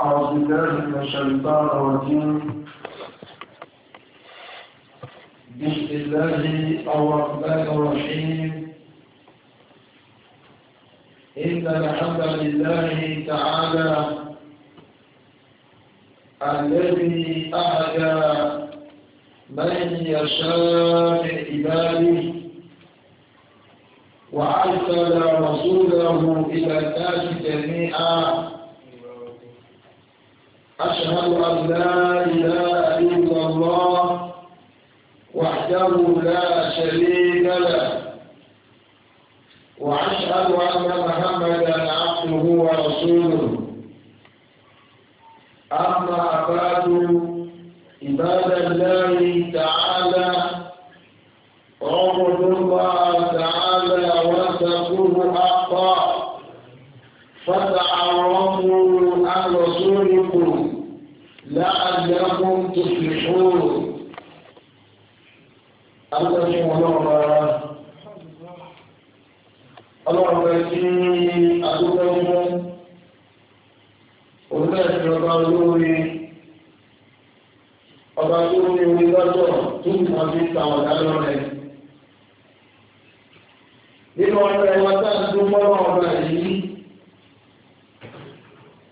أعوذ بالله من الشيطان الرجيم بسم الله الرحمن الرحيم إن الحمد لله تعالى الذي أهدى من يشاء عباده وأرسل رسوله إلى الناس جميعا أشهد أن لا إله إلا الله وحده لا شريك له وأشهد أن محمدا عبده ورسوله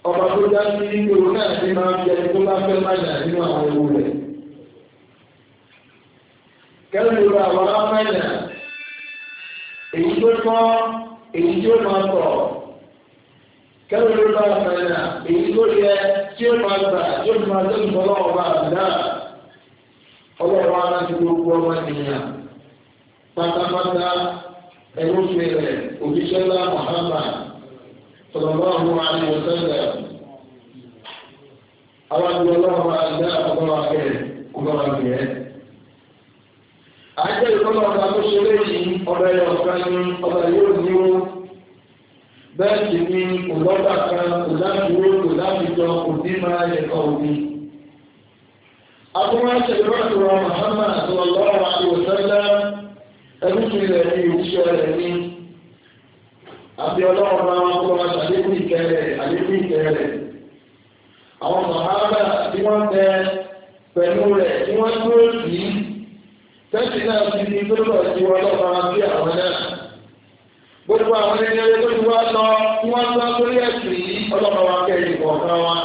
ọba tó dá sí ìgbòho náà ti máa ń jẹ tó bá fẹ́ má nà nínú àwọn ewu rẹ̀. kẹ́lẹ́ ló ra àwọn alámẹ́nà èyí tó tọ́ èyí tí ó máa tọ̀ kẹ́lẹ́ ló ra àmẹ́nà èyí tó yẹ tí ó máa gbà tí ó máa tó ń bọ́ lọ́wọ́ bá àdá ọlọ́wọ́ aláǹtí gbogbo ọmọ ènìyàn pátápátá ẹ̀rọ fèrè òjíṣẹ́ lá صلى الله عليه وسلم أراد الله أن لا أضرابه أضرابه àjẹ́ ìkọ́lọ̀ ọ̀gá tó ṣe léyìí ọ̀rẹ́ ọ̀gá ni ọ̀gá yóò ní o bẹ́ẹ̀ sì ni kò lọ́gbà kan kò láfiwé kò láfijọ kò ní máa yẹ kọ́ òbí. àbúrò ẹ̀ṣẹ̀ ìrọ̀lẹ́ Muhammad sallallahu alaihi wasallam ẹ̀rú ti rẹ̀ ní ìwúṣẹ́ rẹ̀ ní àti ọlọ́run máa ń kọ́ àlékún ìkẹrẹ àlékún ìkẹrẹ. àwọn sàhábà tí wọ́n tẹ pẹ̀lú rẹ̀ tí wọ́n dúró sí i tẹ́sí náà ti di tó lọ sí ọlọ́run àti àwọn náà. gbogbo àwọn ẹni ẹni tó ti wá lọ tí wọ́n sá sórí ẹ̀sìn yìí ọlọ́run wa kẹ́yìn kọ̀ọ̀kan wa.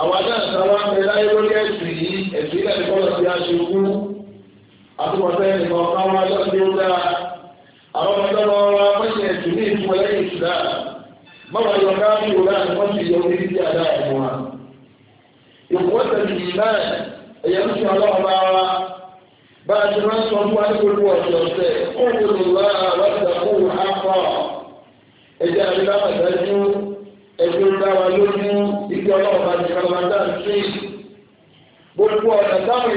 àwọn náà sá wá ń bẹ láyé lórí ẹ̀sìn yìí ẹ̀sìn náà ti kọ́lọ̀ sí aṣojú. àtúbọ̀tẹ́ ẹnì kọ̀ọ̀kan wa lọ́sí ó dáa. àwọn ọmọdé wọn wá mọ́wàá yọ káàbí òun náà wọ́n ti yọ orí sí àdá ẹ̀mọ́ wa. ìfọwọ́sẹ̀ yìí náà ẹ̀yẹ ń sọ ọlọ́run bá wa bá a ti máa ń sọ fún wa ní gbogbo ọ̀sẹ̀ táwọn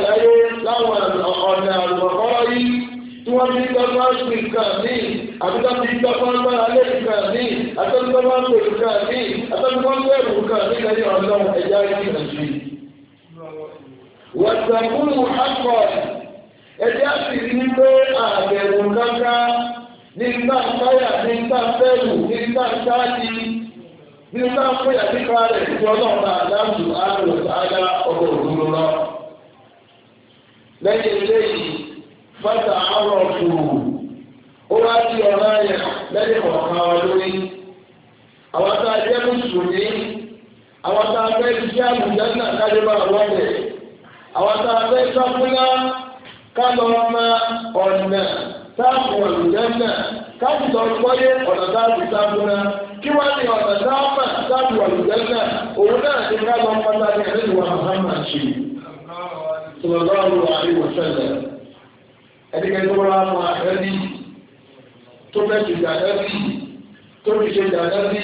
èèyàn láyé láwọn ọ̀nà àlùmọ̀kọ́ yìí tí wọ́n ti gbàgbọ́ àgbè nǹkan mí àbíká ti gbàgbọ́ agbára lé nǹkan mí àtọ́gbàgbọ́ àgbè nǹkan mí àtọ́gbàgbọ́ ẹ̀rù nǹkan mí lẹ́yìn ọ̀dọ́ ẹ̀já ẹ̀jẹ̀ nàìjíríà. wàtàkùnù akọ fata àwọn ọ̀fùrù ó wá sí ọ̀rá yẹn lẹ́yìn kọ̀ọ̀kan wa lórí àwọn tá a jẹ́ mùsùlùmí àwọn tá a fẹ́ iṣẹ́ àbùdá náà kájú bá wọ́n lẹ̀ àwọn tá a fẹ́ sáfúnná ká lọ ma ọ̀nà táàbù àbùdá náà káàbù lọ gbọ́yé ọ̀nà táàbù sáfúnná kí wọ́n ní ọ̀nà táàmà táàbù àbùdá náà òun náà ti ká lọ pátá ní ẹ̀rẹ́ ìwà ṣe. Sallallahu alaihi wa sallam ẹnikẹ́ni tó bá mọ àtẹ́bí tó fẹ́ ṣe àtẹ́bí tó fi ṣe àtẹ́bí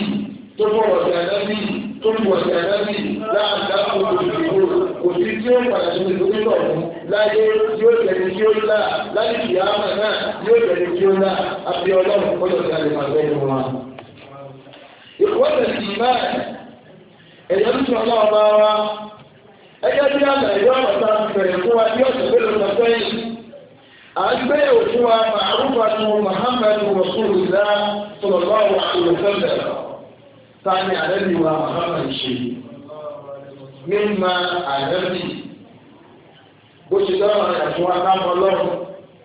tó fọ̀rọ̀ ṣe àtẹ́bí tó fi wọ̀ ṣe àtẹ́bí láàdá òkòtò kò sí tí ó padà ṣe ìdókè lọ́wọ́ láyé yóò tẹ̀lé tí ó là láyé ìyá àmà náà yóò tẹ̀lé tí ó lá. àbí ọlọ́run kọ́lọ̀ sí àlè màgbẹ́ ìlú wa. ìwọ́sẹ̀ sì máa ẹ̀yọ́ tó sọ náà bá wa ẹjọ́ bí àgbà ìjọba ta fẹ̀rẹ̀ fún wa bí ọ̀sẹ̀ mélòó kan sẹ́yìn àgbẹ̀ òfin wa màrúfà ní muhammadu rasulillah sallallahu alaihi wasallam sani àrẹ́bí wa muhammadu ṣe mímọ àrẹ́bí bó ṣe dáhùn àyàfún wa káàmọ́ lọ́rùn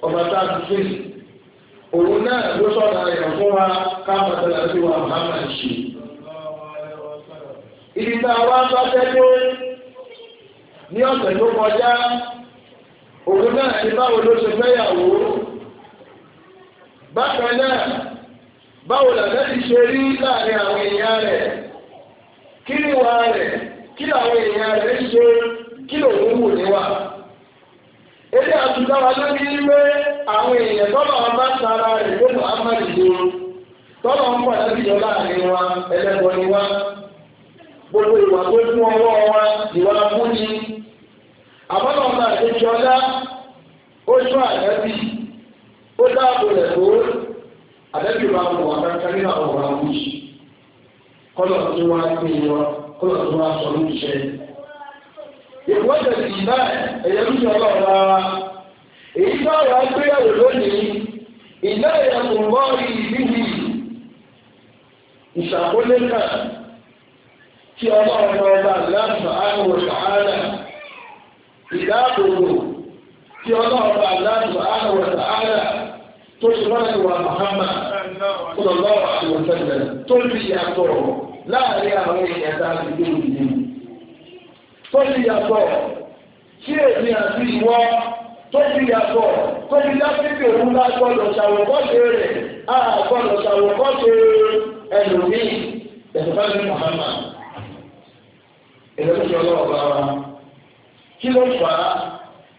ọba tá a ti fèsì òun náà ló sọ̀rọ̀ àyàfún wa káàmọ́ àrẹ́bí wa muhammadu ṣe. ìdìbò àwọn abáfẹ́ tó ní ọ̀sẹ̀ tó kọjá. òun náà ni báwo ló ṣe fẹ́yàwó bákan náà báwo ṣe rí láàrin àwọn èèyàn rẹ̀ kí ni wà rẹ̀ kí làwọn èèyàn rẹ̀ ṣe kí lòun wù níwà. Èdè àtúndáwà lórí wípé àwọn èèyàn tọ́lọ̀ wọn bá sara rẹ̀ ló tọ́lọ̀ láàrin wa ẹlẹ́bọ ni gbogbo ìwà tó ọwọ́ wa ìwà àmọ́nà ọ̀nà àdéjì ọlá ó ṣọ́ àdẹ́bí ó dáàbò rẹ̀ tó àdẹ́bí wa mọ̀ wà kankan nínú àwọn ọ̀rọ̀ àwọn yìí kọ́lọ̀ tí wọ́n á pè wọ́n kọ́lọ̀ tí wọ́n á sọ lóṣù ṣẹ́. ìwọ́jẹ̀ sì náà ẹ̀yẹ lóṣù ọlọ́run rárá èyí bá wà á gbéyàwó lónìí ìná ìyàtọ̀ mọ́rí ìbíbi ìṣàkólé náà tí ọlọ́run ọba láti àárò ṣàárà ìdáàbòbò tí ọlọ́run bá láàbò àwọ̀tà àdà tó ṣe wọ́n ti wà mọ̀hámà ọlọ́run àwọ̀tẹ̀lẹ̀ tó ti yàtọ̀ láàrin àwọn èèyàn tá a ti gbé òdìdí. tó ti yàtọ̀ tí èmi àti ìwọ tó ti yàtọ̀ tó ti lásìkò kí ló fà á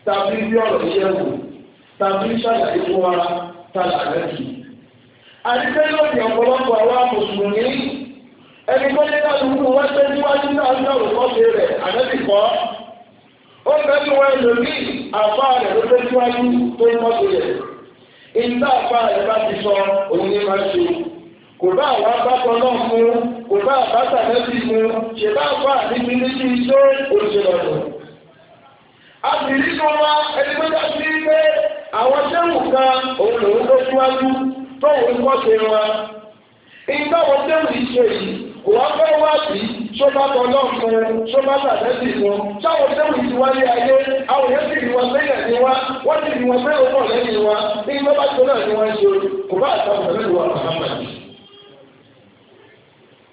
tàbí bí ọ̀rọ̀ iṣẹ́ wò tàbí ṣàlàyé fún wa tàlàyé kì í. àdìgbé lóde ọ̀pọ̀lọpọ̀ àwa mùsùlùmí ẹni tó ní kálukú wọ́n ṣe níwájú náà ń dọ̀rọ̀ kọ́ṣe rẹ̀ àdẹ́bì kọ́. ó fẹ́ẹ́ wọ ẹlòmíì àfa rẹ̀ ló fẹ́ síwájú tó ń mọ́tò rẹ̀. ìta àfa rẹ̀ bá ti sọ òun ní máa ṣe. kò bá àwa bá náà mú kò bá àbáta náà ti mú ṣèbá àfa àdìgbé ní iṣẹ́ òṣèlú ọ̀dọ̀ a sì rí kan wá ẹni tó dájú ní pé àwọn sẹ́wù kan òun lòun tó síwájú tó òun kọ́ ṣe wọn. ìgbà wọn sẹ́wù yìí ṣe yìí kò wá fẹ́ wá sí sọ́bàtà ọlọ́ọ̀kan sọ́bàtà àtẹ́sì kan sáwọn sẹ́wù yìí wáyé ayé àwọn yẹn sì rí wọn sẹ́yìn ní wa wọ́n sì rí wọn pé òun náà lẹ́yìn wa ní ìgbọ́bá tó náà ni wọ́n ṣe kò bá àtàwọn pẹ̀lú ìwà Muhammad.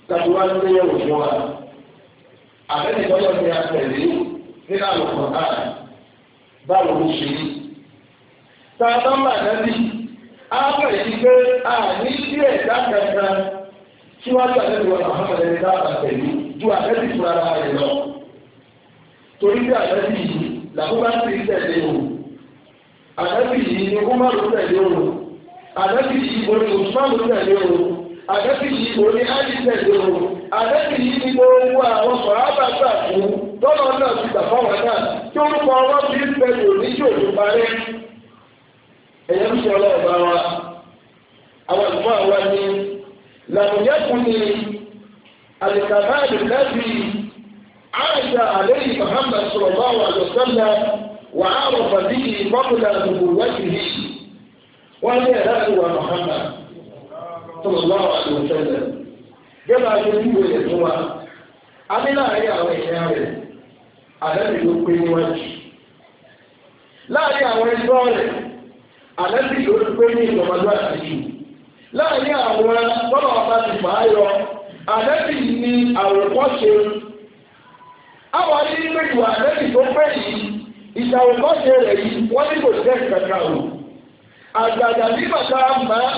tàbí wá ní yẹ̀wò fún wa àbẹ́nìkọ́yọ̀ ni a tẹ̀lé nínú báwo ló ṣe rí. tá a bá mà nábì á bẹ̀rẹ̀ sí pé a ní sí ẹ̀dá kankan tí wọ́n gbà lẹ́nu ọ̀nà àmọ́tẹ́lẹ́ ní dáàbà pẹ̀lú ju àtẹ́sí fún ara rẹ̀ lọ. torí bí àtẹ́sí yìí làbúgbà ti tẹ̀lé o àtẹ́sí yìí ni ó má ló tẹ̀lé o àtẹ́sí yìí orí òṣùpá ló tẹ̀lé o àtẹ́sí yìí orí áyì o àtẹ́sí yìí ni gbogbo àwọn sọ̀rọ̀ àbàgbà lọ́nà náà ti gbà fáwọn náà tí orúkọ ọwọ́ ti ń bẹ ní oníṣẹ́ òjò parí ẹ̀yẹ́ ń ṣe ọlọ́ọ̀bá wa àwọn ìfọ́ àwa ni làmúyẹ́kùn ni àlìkàmá àlìkàbí àìsà àlẹ́yìn Muhammad sallallahu alaihi wasallam wà á rọ̀ fàdí ìfọ́kùnlá àdùgbò wájú yìí wọ́n ní ẹ̀dá ìwà Muhammad sallallahu alaihi bá a ṣe ń wọlé a ní àlẹ́bí ló pé níwájú láàrin àwọn ẹgbẹ́ rẹ̀ àlẹ́bí ló pé ní ìjọba àtìjú láàrin àwọn tọ́lọ̀ ọba ti fà á yọ àlẹ́bí ní àwòkọ́ṣe àwọn adínígbèjì àlẹ́bí tó pẹ́ yìí ìṣàwòkọ́ṣe rẹ̀ yìí wọ́n ní kò jẹ́ ìkàkà o àgbàdà bí bàtà máa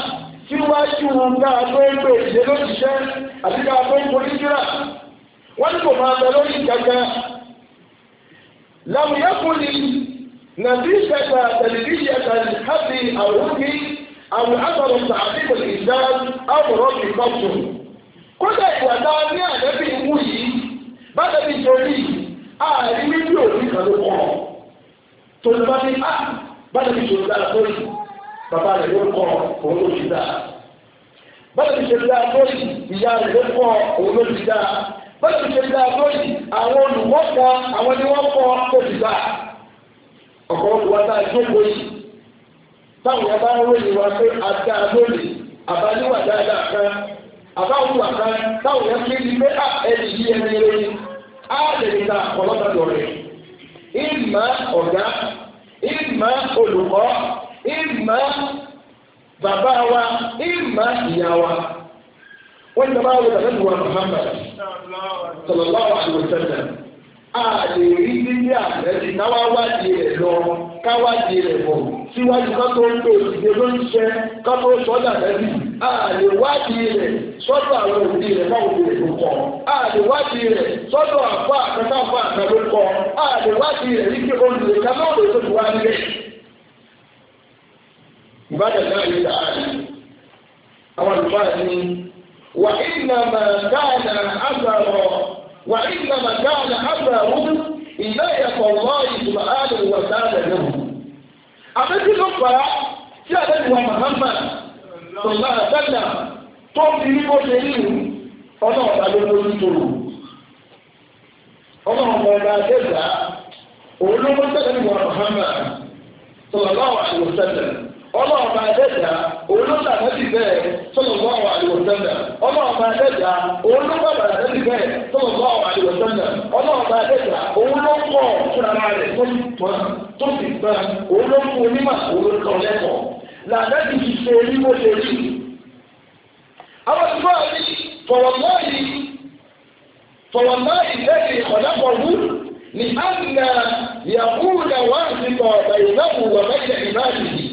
tí wọ́n ti wọn ká tó ń pè ìdè lóṣìṣẹ́ àti ká tó ń polí síra wọ́n ní kò máa bẹ lórí ìkàkà لم يكن نتيجة تلبية الحد أو وجه أو أثر تعقيب الإنسان أو رد قبضه kódà ìwà tá a ní àdẹ́bí ìwú yìí bá dẹ́bí torí ààrí níbi òbí kan ló kọ́ torí bá ní á bá dẹ́bí torí dáa torí bàbá rẹ̀ ló kọ́ òun ló ti dáa bá dẹ́bí torí dáa torí ìyá rẹ̀ ló kọ́ òun ló ti dáa. bẹ́ẹ̀ ṣe dá lóyìn àwọn olùwọ́pọ̀ àwọn ni wọ́n kọ́ òṣìṣà ọ̀pọ̀ olùwọ́ta ìjókòó yìí táwọn yẹn ròyìn wá pé a dá lóyìn àbáníwà dáadáa kan àbáwùwà kan táwọn yẹn fi pé à ẹni ẹni á lè ta ọlọ́ta lọ́rẹ̀ ìmọ̀ ọ̀gá ìmọ̀ olùkọ́ ìmọ̀ bàbá wa ìmọ̀ ìyá wa. وإنما ولد نبوة محمد صلى الله عليه وسلم àlè rí nílé àtẹ́sí káwá wádìí rẹ̀ lọ káwádìí rẹ̀ bọ̀ síwájú ká tó ń lò ìdíje ló ń ṣe ká tó sọ́dà lẹ́bí àlè wádìí rẹ̀ sọ́dọ̀ àwọn òbí rẹ̀ báwo lè lò kọ́ àlè wádìí rẹ̀ sọ́dọ̀ àpá àkàtà àpá àkàtà ló kọ́ àlè wádìí rẹ̀ wípé olùdè ká náà lè tóbi wá nílé. ìbádàn náà yóò dà á rí àwọn àlùfáà ní وإنما كان أثر وإنما كان أثرهم إناية الله سبحانه وتعالى لهم أبدا نفع سيادة محمد صلى الله عليه وسلم tó ń fi bó ṣe rí ìlú ọlọ́run ta ló lójú tòrò ọlọ́run ọmọ ọba adéjà òun ló mọ́ sẹ́lẹ̀ wà Muhammad sallallahu alaihi wasallam ọlọ́ọ̀ba ẹ̀dẹ́dà olóńgbà tẹ́lẹ̀ bẹ́ẹ̀ sọ̀rọ̀ bá wà àlùwọ̀sẹ́ndà ọlọ́ọ̀ba ẹ̀dẹ́dà olóńgbà tẹ́lẹ̀ bẹ́ẹ̀ sọ̀rọ̀ bá wà àlùwọ̀sẹ́ndà ọlọ́ọ̀ba ẹ̀dẹ́dà olóńgbọ̀ fúnra rẹ̀ tó sì gbọ́n olóńgbò onímọ̀ olóńgbò lẹ́kọ̀ọ́ làdájú ti ṣe rí bó ṣe rí. àwọn tí wọ́n rí fọwọ́mọ́ọ̀lì fọwọ́mọ́ọ̀lì lẹ́sìn ọ̀dàpọ̀wù ni àgbà yàgùn náà wá sí kọ̀ọ̀bà ìlànà ìwà mẹ́jẹ̀ ìmáàlì yìí.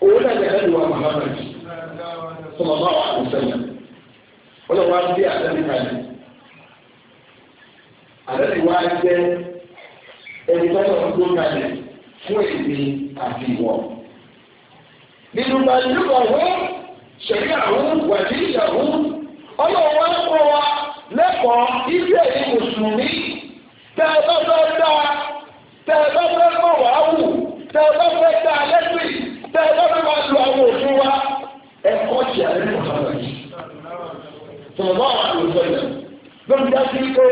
òun náà yàrá ìwà Muhammad sọlọ bá wà àwùsọlẹ wọn lọ wá sí àdáni kalẹ̀ àdáni wá jẹ ẹni tó lọ gbó kalẹ̀ fún èdè àti ìwọ. nínú gbàdúrà wọn ṣẹlẹ̀ àwọn wàjú ìyàwó ọlọ́wọ́ ẹ̀kọ́ wa lẹ́kọ̀ọ́ ibi ẹ̀yìn mùsùlùmí tẹ ẹ bá fẹ́ dá tẹ ẹ bá fẹ́ mọ̀ wá wù tẹ ẹ bá fẹ́ dá lẹ́sìn. sallallahu alaihi wasallam ló ń dá sí pé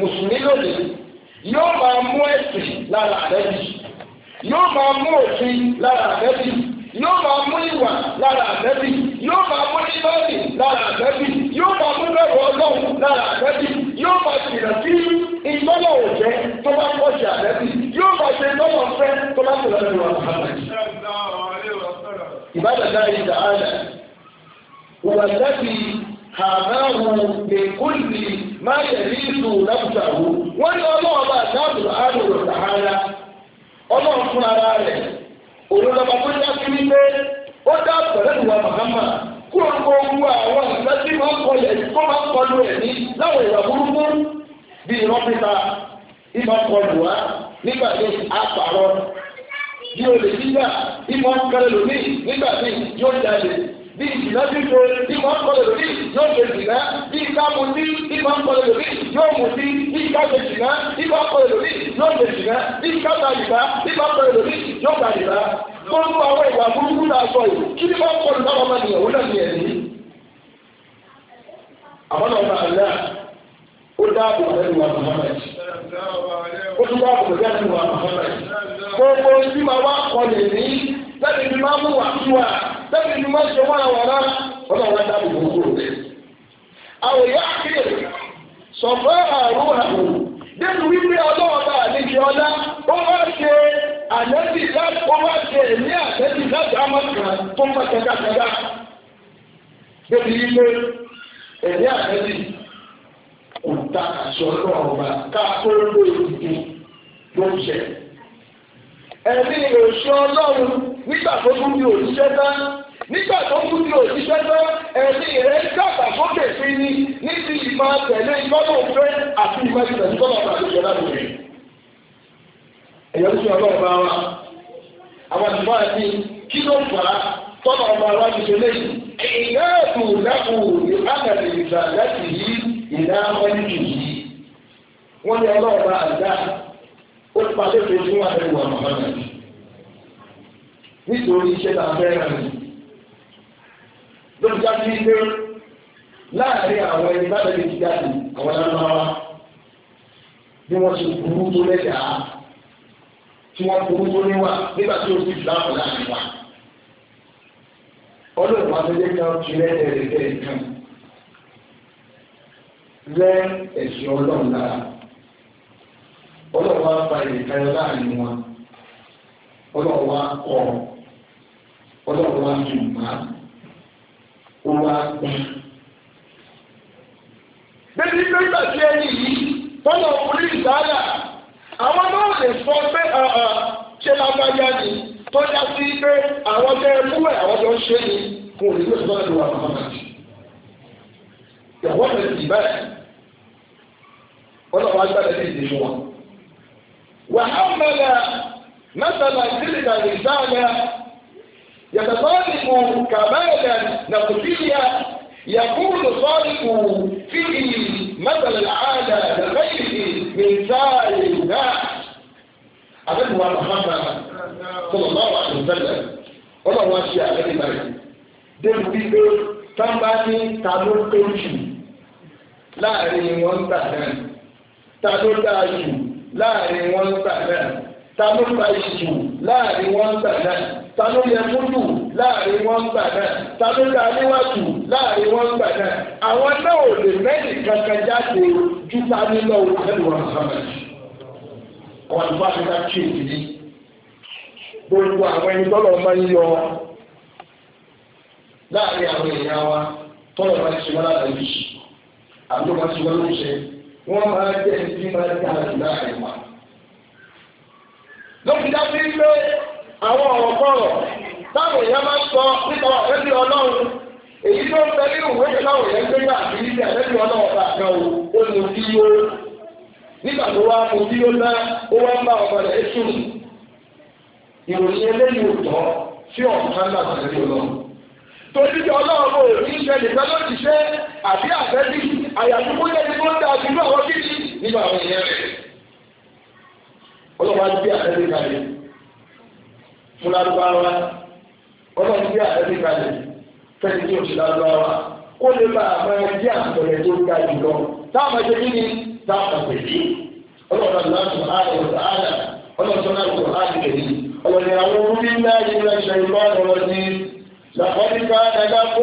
mùsùlùmí lónìí yóò máa mú ẹ̀sìn lára àdẹ́bì yóò máa mú òfin lára àdẹ́bì yóò máa mú ìwà lára àdẹ́bì yóò máa mú ìbáàdì lára àdẹ́bì yóò máa mú bẹ̀rù ọlọ́run lára àdẹ́bì yóò máa jìnnà sí ìgbọ́nà òjẹ́ tó bá pọ̀ sí àdẹ́bì yóò máa ṣe lọ́nà fẹ́ tó bá pọ̀ lọ́nà ìwà ìbádàdá ìdá àdà òwò àdẹ́bì hàdáhùn lèkúlì má yẹ̀lí ìlú lápùtàwó wọ́n ní ọlọ́wọ́ bá dáàbò àdùrò sàhárà ọlọ́run fún ara rẹ̀ olùdókòwò tó yá sí ó dá pẹ̀lẹ́ ìwà Muhammad kúrò gbogbo àwọn ìfẹ́ tí kó máa ń kọlu ẹ̀ ní láwọn ìwà burúkú ìmọ̀ nígbà tí a pààrọ̀ bí olè ìmọ̀ nígbà bí ìṣìná dídò bí máa ń kọ́ lòdò bí yóò ṣe ìṣìná bí kámu ní bí máa ń kọ́ lòdò bí yóò mú sí bí káṣe ìṣìná bí máa ń kọ́ lòdò bí yóò ṣe ìṣìná bí káṣe ìṣìná bí máa ń kọ́ lòdò bí yóò gbà ìṣìná. gbogbo àwọn ìwà burúkú náà sọ yìí kí ni máa ń kọ́ lòdò àwọn ọmọ ìyàwó náà ní ẹ̀mí. àwọn ọmọ àlá ó dáàbò lẹ́nu wa Muhammad ó tún dáàbò lẹ́nu wa Muhammad gbogbo ibi máa wá kọ lè ní lẹ́nu ibi máa mú wà sẹ́yìn ni máa ṣe wọ́n àwọn ará ọlọ́run wọn dábò gbogbo rẹ̀. àwòyá àkíyè sọ̀fẹ́ àrùn àrùn nínú wípé ọlọ́run bá àlejò ọlá ó wá ṣe àlẹ́bí láti ó wá ṣe èmi àlẹ́bí láti amọ̀kà tó ń bá kẹ́kẹ́kẹ́ká. débi ilé èmi àlẹ́bí kò ta àṣọ ọlọ́run bá ká tó lóye tuntun ló ń ṣẹlẹ̀ ẹ̀mí òṣìṣẹ́ ọlọ́run nígbà tó tún di òṣìṣẹ́ tán nígbà tó tún di òṣìṣẹ́ tán ẹ̀mí rẹ̀ ń dàgbà sókè sí ni ní ti ìmọ̀ tẹ̀lé ìgbọ́nà òfin àti ìmọ̀ ìtẹ̀lé tọ́lá àti ìjọba lòdì. ẹ̀yọ́ ti ọlọ́run bá wa àwọn àdúgbò àti kí ló fà á tọ́lá ọba wa ti ṣe léyìn. ìyá ẹ̀dùn lẹ́kùn ní àgàdì ìgbà láti yí ìdá ọ̀yìn yìí wọ́n ní ọlọ́run bá àdá ó pa lépe fún àdéhùn àmàmánà nítorí iṣẹ́ tá a fẹ́ rà ní. lóbi ká sí pé láàárín àwọn ẹni bá tẹ̀lé ti jáde àwọn lábáwá bí wọ́n ṣe burú tó lẹ́dàá tí wọ́n burú tó níwà nígbà tí ó sì fi láàpọ̀ láàrin wa. ọlọ́run máa tẹ́lẹ̀ kan fi lẹ́dẹ̀ẹ́ rẹ̀ tẹ́lẹ̀ kan rẹ́ ẹ̀sìn ọlọ́run lára ọlọ́wọ́ á fa ìdíkayọ láàrin wọn ọlọ́wọ́ á kọ́ ọlọ́wọ́ á dùn má ó wá gbà. bẹ́ẹ̀ni pé gbàgbé ẹni yìí tọ́lọ̀ orí ìdáyà àwọn náà lè sọ pé ṣé lágbájá ni tó já sí pé àwọn tẹ́ ẹ mú ẹ̀ àwọn tó ń ṣe ni kò ní lè sọ́dọ̀ lọ́wọ́ àwọn ọmọ náà ìyàwó ẹ̀ ti bẹ́ẹ̀ ọlọ́wọ́ agbára ẹ̀ ti dìbò wọn. وحمل مثلا تلك الرسالة يتطالب كمالا نقديا يكون صالح فيه مثل العادة لغيره من سائر الناس أبن محمد صلى الله عليه وسلم ọlọ́run wá ṣe àlẹ́ nígbà yìí débi wípé tábà ní ta ló pé jù láàrin láàrin wọn ń tà náà ta ló fa ìṣù láàrin wọn ń tà náà ta ló yẹ fúdù láàrin wọn ń tà náà ta ló yẹ aníwájú láàrin wọn ń tà náà àwọn náà ò lè mẹ́lì kankan jáde ju ta ní lọ́wọ́ ẹnu wọn sábà àwọn àlùfáà ti ká kí èdè gbogbo àwọn ẹni tọ́lọ̀ máa ń yọ láàrin àwọn èèyàn wa tọ́lọ̀ máa ti ṣe wọn láàrin ìṣù àbúrò máa ti ṣe wọn lóṣèlú. wọ́n máa jẹ́ ẹbí máa jẹ́ àdúrà ìwà. lókìdá bí pé àwọn ọ̀rọ̀ kọ̀rọ̀ táwọn èèyàn máa sọ nípa ẹbí ọlọ́run èyí tó ń bẹ nínú ìwé ìlànà yẹn gbé gbà bí ilé ẹbí ọlọ́run bá o ó yó nígbà tó wá ó wá ń bá ọmọ rẹ̀ ìròyìn eléyìí ò tọ́ sí náà ọlọ́run torí ọlọ́run ò ní ṣẹlẹ̀ pẹ́ àyàfi kó jẹ́ ti kó ń da àdúgbò àwọn kíkì nígbà àwọn èèyàn rẹ̀. ọlọ́wà gbé àtẹ́lẹ́ kalẹ̀ fúlárúbáwá ọlọ́wà gbé àtẹ́lẹ́ kalẹ̀ fẹ́ni tí òṣì lárúbáwá kó lè bá àwọn ẹgbẹ́ tó ga lọ táwọn ẹgbẹ́ kí ni táwọn لقد كان لكم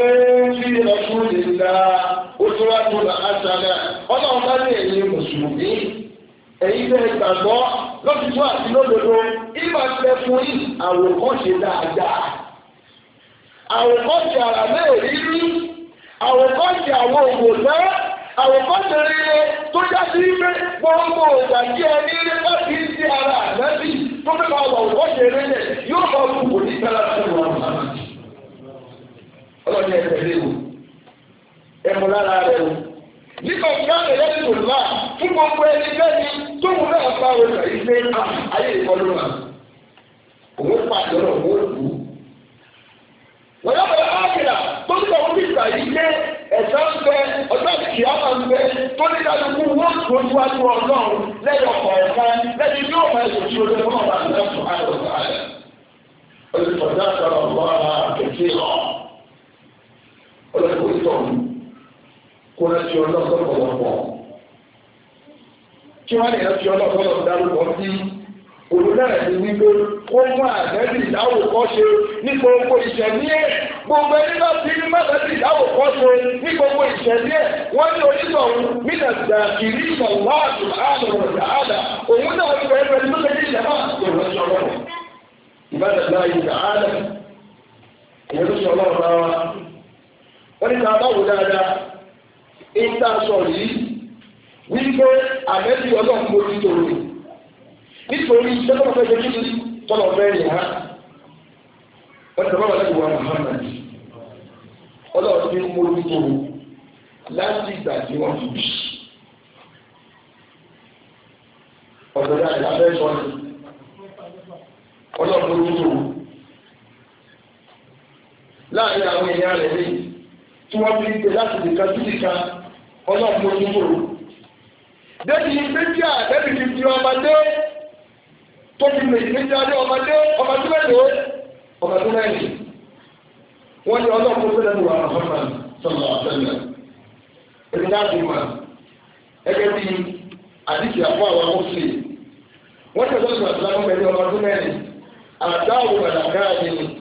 في رسول الله أسوة حسنة Ọlọ́run bá ní ẹ̀yin mùsùlùmí ẹ̀yin bẹ́ẹ̀ gbàgbọ́ lọ́sítọ́ àti lódodo ìgbà tẹ fún yìí àwòkọ́ṣe dáadáa àwòkọ́ṣe ara mẹ́rin rí àwòkọ́ṣe àwọn òwòsàn àwòkọ́ṣe segredo láàrin àwọn èèyàn rẹ̀ lé tí wọ́n fi gbé láti nìkan sí nìkan ọlọ́run ojú kòrò. débi méjì àdébì ti fi ọmọdé tó fi méjì méjì adé ọmọdé ọmọdé mélòó ọmọdé mẹ́rin. wọ́n ní ọlọ́run tó lẹ́nu wà lọ́sọ̀tà sọ̀rọ̀ àtẹ̀lẹ̀. èmi náà ti mọ̀ ẹgẹ́ bí àdìsí àpò àwọn mọ́sílì. wọ́n ti sọ̀rọ̀ àtìlámọ́ pẹ̀lú ọmọdé mẹ́rin àdáwò àdàkáàdì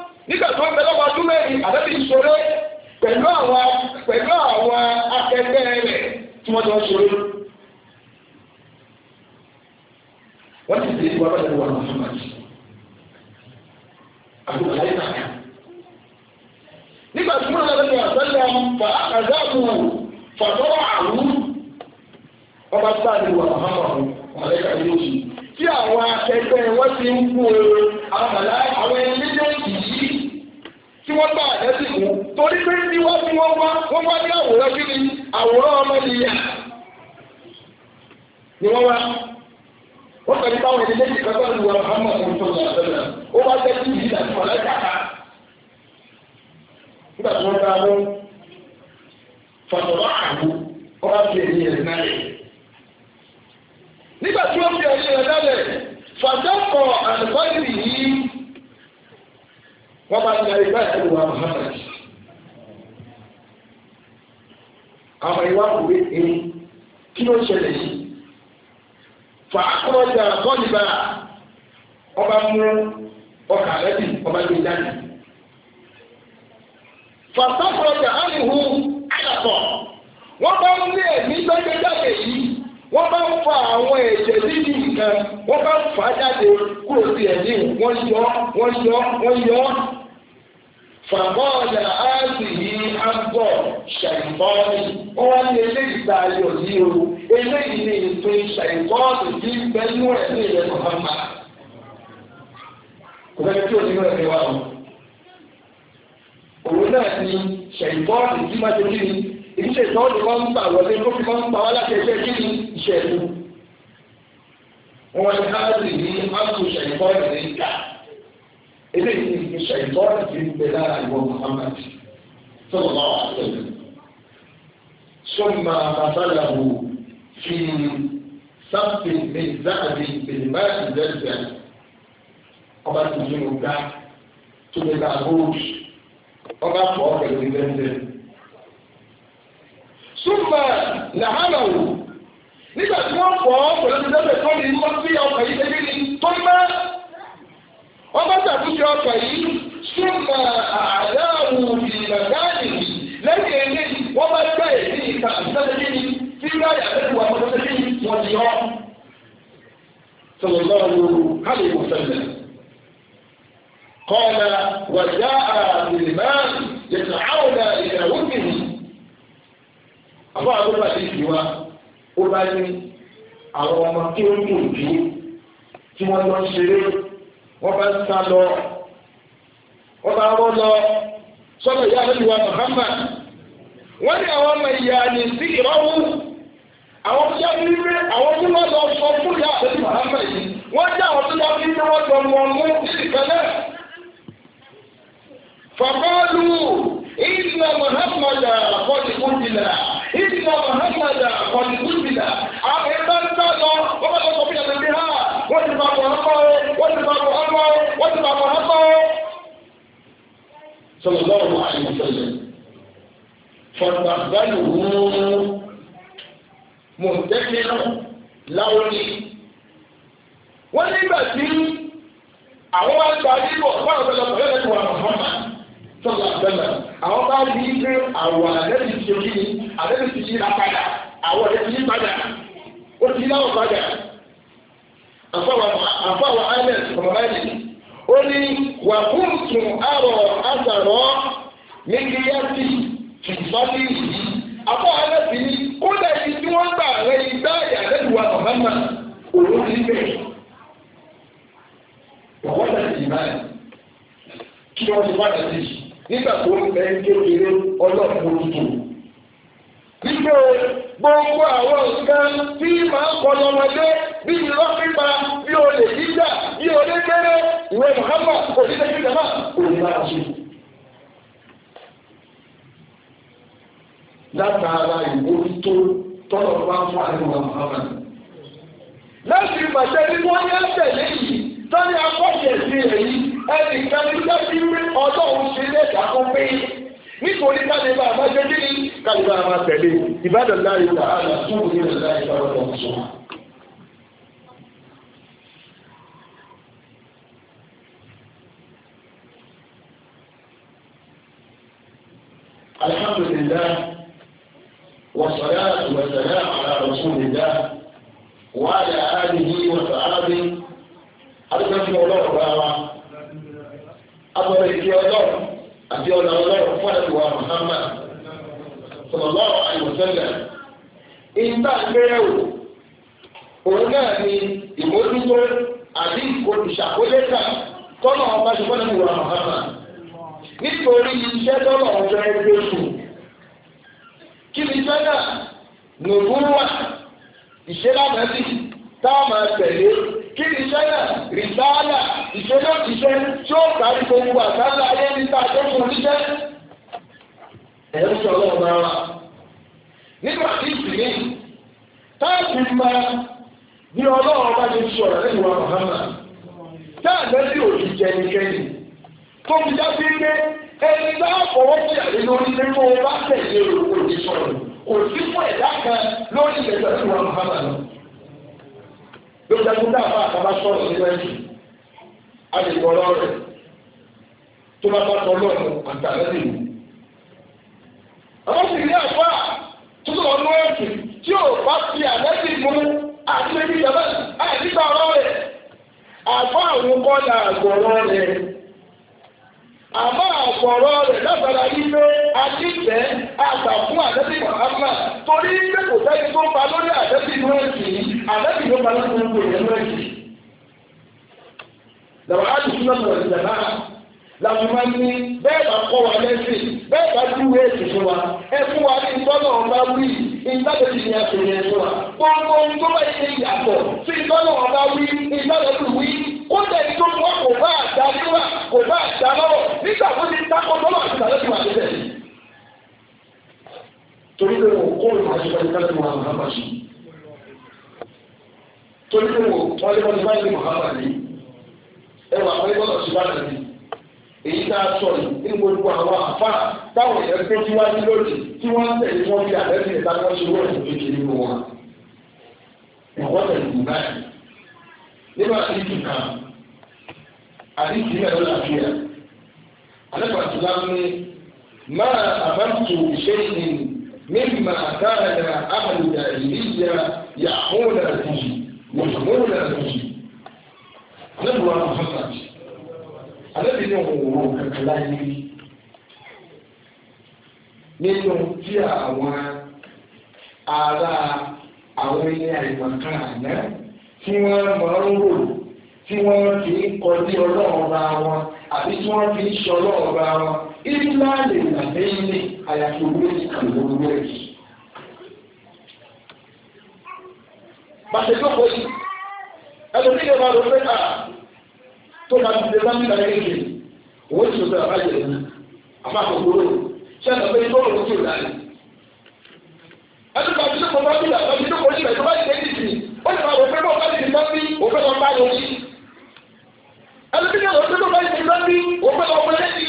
nígbà tó ń bẹ lọ́wọ́ ọdún mẹ́rin àbẹ́bí ìṣòro pẹ̀lú àwọn pẹ̀lú àwọn akẹgbẹ́ rẹ̀ tí wọ́n jọ ń ṣòro. wọ́n ti di ìwà bẹ́ẹ̀ wọ Muhammad àbúrò ayé náà. nígbà tí wọ́n lọ́wọ́ ní àtẹ́lẹ̀ fa àkàzáàbù fàtọ́wọ́ àrùn ọba sáà ní ìwà Muhammad ọ̀rẹ́ka yóò ṣe. tí àwọn akẹgbẹ́ wọ́n ti ń kú àwọn ẹni méjèèjì tí wọ́n gbà àjẹ́sì fún torí pé wọ́n fi wọ́n wá wọ́n wá ní àwòrán kí ni àwòrán ni wọ́n wá. wọ́n kàn ní báwọn ọ̀hún tó ó jẹ́ kí àti ká. nígbà tí wọ́n fọ̀tọ̀lọ́ àgbo bá fi ẹ̀yìn nígbà wọ́n bá ti darí báyìí pẹ̀lú wa Muhammad àwọn ìwádìí wé ẹni kí ló ṣẹlẹ̀ yìí fa akọ́jà bọ́ọ̀lìbà ọba mú ọkà rẹ́bì ọba gbé jáde fàtàkọ́jà ánìhù àyàtọ̀ wọ́n bá ń lé ẹ̀mí gbẹ́gbẹ́ jáde yìí wọ́n bá ń fa àwọn ẹ̀jẹ̀ lílì nǹkan wọ́n bá ń fà á jáde kúrò sí ẹ̀mí wọ́n yọ wọ́n yọ wọ́n yọ fàmọ́ọ̀lá áàtì yìí á ń bọ̀ ṣàìfọ́ọ̀nì ó wá ní eléyìí tá a yọ sí o eléyìí ní ìpín ṣàìfọ́ọ̀nì tí ń bẹ nínú ẹ̀ ní ilẹ̀ mọ̀mọ́mọ́ kò fẹ́ kí òní rẹ̀ wá o òun náà ni ṣàìfọ́ọ̀nì tí má ṣe kí ni ìṣe ìtọ́jú kan ń gbà wọlé tó fi kan ń pa wá láti ẹgbẹ́ kí ni ìṣẹ̀lú wọn ni áàtì yìí eléyìí ni ṣàìtọ́ ìgbé ń bẹ lára ìwọ Muhammad sallallahu alaihi wasallam summa masalahu fi sáfì ní záàbì ìgbèlúmọ́ ìdẹ́gbẹ̀ ọba tó ní ọgá tó lè ta góòlù ọba pọ̀ pẹ̀lú ìdẹ́gbẹ̀. summa làhánàwò nígbà tí wọ́n pọ̀ pẹ̀lú ìdẹ́gbẹ̀ tó ní wọ́n fi ọkọ̀ yìí débi ní tó máa. wọ́n bá ṣàtúnṣe ọkọ̀ yìí súnmọ́ àdáàmù ìgbàgbáàlì lẹ́yìn ilé wọ́n bá gbá èyí ìta àtúnṣe ní tí láyà lẹ́nu wà mọ́tò sí wọn ni ọ́. sọ̀rọ̀ lọ́wọ́ kálí kò ṣẹlẹ̀. قال وجاء بالمال يسعون إلى وجهه àbọ̀ àbúrò àti ìwà ó bá ní àwọn ọmọ tí ó ń kò tí wọ́n lọ ṣeré wọ́n bá ń sá lọ wọ́n bá rọ́ lọ sọ́dọ̀ ìyá àlejò Muhammad wọ́n ní àwọn ọmọ ìyá ní sí ìrọ́wù àwọn tó yá nílé àwọn tó wọ́n lọ sọ fún ìyá àlejò Muhammad yìí wọ́n jẹ́ àwọn tó yá nílé wọ́n jọ wọn mú ìkẹlẹ́ fàbọ́ọ̀lù ìdílé Muhammad àkọ́jú kúndìlà ìdílé Muhammad àkọ́jú kúndìlà àwọn ẹgbẹ́ ń sá lọ wọ́n bá lọ sọ fún ìyá àlejò Muhammad wọ́n ti bá wọn ti bá kọ̀ ọ́nà wọ́n ti bá kọ̀ ọ́nà. sọ̀rọ̀ lọ́wọ́ àìsàn fọ̀tàgbáyò mọ̀tẹ́kẹ́lá láwọ́lì. wọ́n nígbà tí àwọn bá gba nínú ọ̀pá ọ̀sẹ̀lẹ̀ pẹ̀lú ẹ̀kọ́ àmọ́mọ́ sọ̀rọ̀ àgbẹ̀lẹ̀ àwọn bá rí i pé àwọn àlẹ́bí ti rí i àlẹ́bí ti yí apádà àwọn àlẹ́bí yí padà ó ti yí láwọn padà àfọwọ́ àwọn àfàwọ̀ alẹ́ ọ̀mọ̀báyì ó ní wà fún tún àrọ̀ àtàrọ̀ méjìlélẹ́sì tìfọ́lì yìí àfàwọ̀ alẹ́ sì ní kódà yìí tí wọ́n gbà rẹ igbá ìyàlẹ́dùwà ọ̀mọ̀mọ̀ òun ti bẹ̀rẹ̀ wọ́n tẹ̀sí ìmáyà kí wọ́n ti padà sí nígbà tó ń bẹ kékeré ọlọ́pàá tó. gbogbo àwọn nǹkan tí màá kọ́ lọ́mọdé bí irọ́ pípa bí olè jíjà bí olè kéré ìwé Muhammad òṣìṣẹ́ jíjà náà kò ní lára sí. látara ìmójútó tọ́lọ̀ bá ń fún àríwá Muhammad. láti pàṣẹ bí wọ́n yá tẹ̀lé yìí tọ́lẹ̀ akọ́ṣẹ́ sí èyí ẹnìkan ní láti rí ọlọ́run ṣe kan pé nítorí káde bá a máa ṣe kí ni máa tẹ̀lé ìbádọ̀ láyé wà á lọ sóòrò ní ọ̀ṣun. الحمد لله والصلاة والسلام على رسول الله وعلى آله وصحابه أرجو الله تعالى أبو إيكي الله أبي الله فلك ومحمد صلى الله عليه وسلم إن تأكيو òun náà ni ìmójútó àbí ìkòtùṣàkólẹ́kà tọ́nà ọba ṣùgbọ́n ní ìwà nítorí iṣẹ́ tọ́lọ̀ ọjọ́ ẹgbẹ́ sùn kí ni sọ́nà nùbúrúwà ìṣẹ́lámẹ́sì táwọn àtẹ̀lé kí ni sọ́nà rìsáàlà ìṣẹ́lọ́tìṣẹ́ tí ó kárí gbogbo àtàlà ayé níta àjọṣùn oníṣẹ́ ẹ̀rú sọ̀rọ̀ ọ̀gá wa nígbà tí ìsìnkú táàkì máa ní ọlọ́run bá ti sọ̀rọ̀ lẹ́yìn wa Muhammad táàgbẹ́ sí òjì jẹnikẹ́ni tó fi já sí pé ẹni bá fọwọ́ sí àlè lórí ilé tó bá tẹ̀lé òkú ti sọ̀rọ̀ kò sí fún ẹ̀dá kan lórí ilẹ̀ tó ti wà mọ́hàmà lọ. lórí ẹgbẹ́ tá a bá àkàbá sọ̀rọ̀ nígbà yìí a lè gbọ́ lọ́rọ̀ rẹ̀ tó bá bá tọ́ lọ́rùn àtàlẹ́ nìyí. àwọn sì ní àfọ́ tó lọ lọ́ ẹ̀sìn tí ò bá fi àlẹ́ sì mú àti ẹbí ìjọba àìsíta ọ̀rọ̀ rẹ̀ àfọ́ àwọn kọ́ àmọ́ àpọ̀rọ̀ rẹ̀ látara wípé adífẹ́ àgbà fún àdẹ́bí mọ̀hámà torí pé kò sẹ́ni tó pa lórí àdẹ́bí inú ẹ̀sìn yìí àdẹ́bí ló pa lórí gbogbo ìyẹn inú ẹ̀sìn. Dàbà á ti súná lọ ìjà náà làwọn máa ní bẹ́ẹ̀ bá kọ́ wa lẹ́sìn bẹ́ẹ̀ bá dúró èsì fún wa ẹ fún wa ní ìtọ́nà ọba wí ìtàkùn ìyẹn àtúnyẹ fún wa gbogbo ohun tó bá yẹ sí ìtọ́nà ọba wí ìtàkùn wí kó tẹ̀ tó fún ọkọ̀ àdá sílá kò bá àdá lọ́wọ́ nígbà tó ti dákọ̀ lọ́wọ́ àti ìgbàlódé wà lẹ́sẹ̀. torí pé wọn kó ìwà ìgbà ìgbà tó wà lọ́wọ́ bá ṣe. torí pé wọn wọ́n lé wọn ní báyìí mọ̀hábà ní ẹwà wọn lé wọn lọ sí bá nàní. èyí tá a sọ yìí ní gbogbo àwọn àfa táwọn èèyàn tó ti wájú lónìí tí wọ́n ń tẹ̀lé wọn bí àbẹ́sẹ̀ ìdákọ́ṣe wọ́n ìwọ́n tẹ̀lé nínú àti ìdìkan àdìsí náà ló làbí yà alẹ́pàtì bá ní máa àbámtu ṣẹ́yìn mímà dáadáa àmàlùdà ìlíyà yàmúnà bìí wàmúnà bìí alẹ́pàtì wà fọ́sàtì alẹ́pàtì ní òwò kankan láyé nínú tí àwọn ará àwọn ilé àìmọ̀kan àná tí wọ́n máa ń rò tí wọ́n fi ń kọjú ọlọ́run bá wọn àbí tí wọ́n fi ń ṣe ọlọ́run bá wọn ìlà lè nà lẹ́yìn àyàfi owó ìkànnì olówó ẹ̀jì. Màṣẹ́jọ́pọ̀ yìí ẹlòmí lè máa lọ pé à tó máa ti dẹ́gbá nígbà kékeré òun ti sọ̀rọ̀ àbájẹ́ ẹ̀mí àmọ́ àkókòrò ṣẹ́nà pé tó lòun ti rà ní. Ẹni bá bíṣọ́ bá bí àbájọ́ ìjọba ìjọba ìjọba ìjọba ìjọba ìjọba ìjọba ìjọba ìjọba ìjọba ìjọba ìjọba ẹlẹ́bí ní ọ̀sẹ̀ tó bá yẹ kí lọ́bí òpè ọ̀pẹ lẹ́sí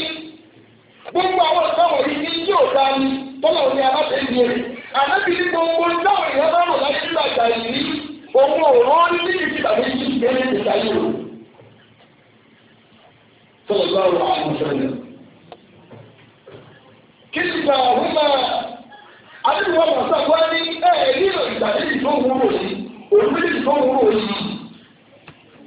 gbogbo àwọn ọ̀sán wọ̀nyí ní tí ò dáa ni tọ́lá òní aláṣẹ ìdí rẹ̀ àlẹ́bí ní gbogbo táwọn èèyàn bá rò láti ní àgbà yìí òun ò rán yìí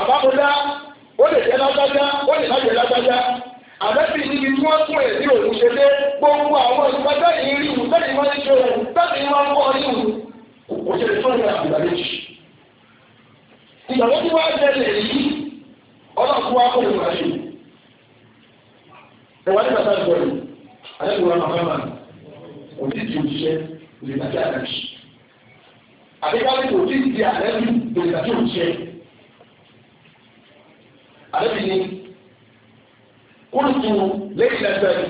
àbábọ́dá ó lè jẹ́ lágbájá ó lè má jẹ́ lágbájá àbẹ́bí níbi tí wọ́n tún èdè òun ṣe dé gbogbo àwọn ìgbàjọ́ yìí rí ìwù bẹ́ẹ̀ ni wọ́n ń ṣe òun bẹ́ẹ̀ ni wọ́n ń kọ́ ìwù kò ṣe lè fún ìgbà àgbà méjì. ìgbàgbọ́ tí wọ́n jẹ lè yí ọlọ́ọ̀kú wa kó lè wà ṣe. ẹ̀wọ̀n ní bàtà ìgbọ̀ yìí àyẹ̀wò wọn máa máa òbí ti òṣìṣẹ́ òṣìṣẹ́ àti àdàbí. àbíkáwé kò tí ì àlẹ́bí ni kúrùtù lẹ́yìnlẹ́sẹ̀rì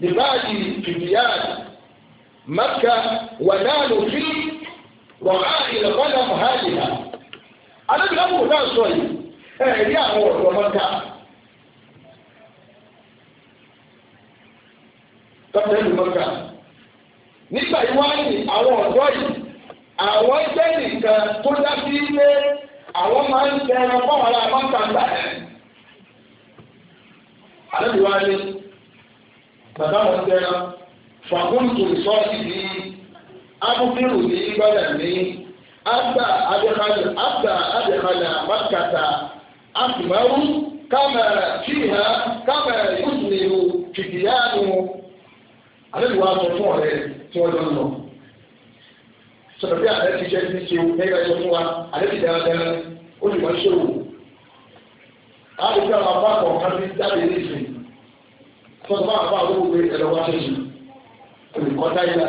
nìbáàdì fìdíyàdì mẹ́kà wàdáàlù fi rọ̀há ìlẹ̀kọ́lá mọ̀háàdìhà àlẹ́bí lọ́wọ́ náà sọ yìí ẹ̀rí àwọn ọ̀dọ́ mẹ́kà tọ́tẹ́ ìlú mẹ́kà nígbà yìí wáyé àwọn ọ̀dọ́ yìí àwọn jẹ́ nìkan tó dá sí àwọn máa ń tẹ ẹran fún àwọn aláàbọ̀ǹtàǹtà ẹ̀. àlejò ni bàbá wọn tẹ ẹran fàkúntù sọ́ọ̀sì ní abúkírù ní gbọ́dọ̀ ní àgbà adékalẹ̀ àgbà adékalẹ̀ àbákàtà fìhà yóò sọ̀rọ̀ bí àlẹ́ ti jẹ́ ní ṣe o ẹ̀yọ́ ẹ̀sọ́ fún wa àlẹ́ ti dára dára ó lè wọ́n ṣòwò. àdìgbà máa bá kọ̀ọ̀kan ní jáde ní ìsìn sọ̀rọ̀ bá àbá àwọn òwe ẹ̀rọ wá ṣe yìí kò lè kọ́ táyà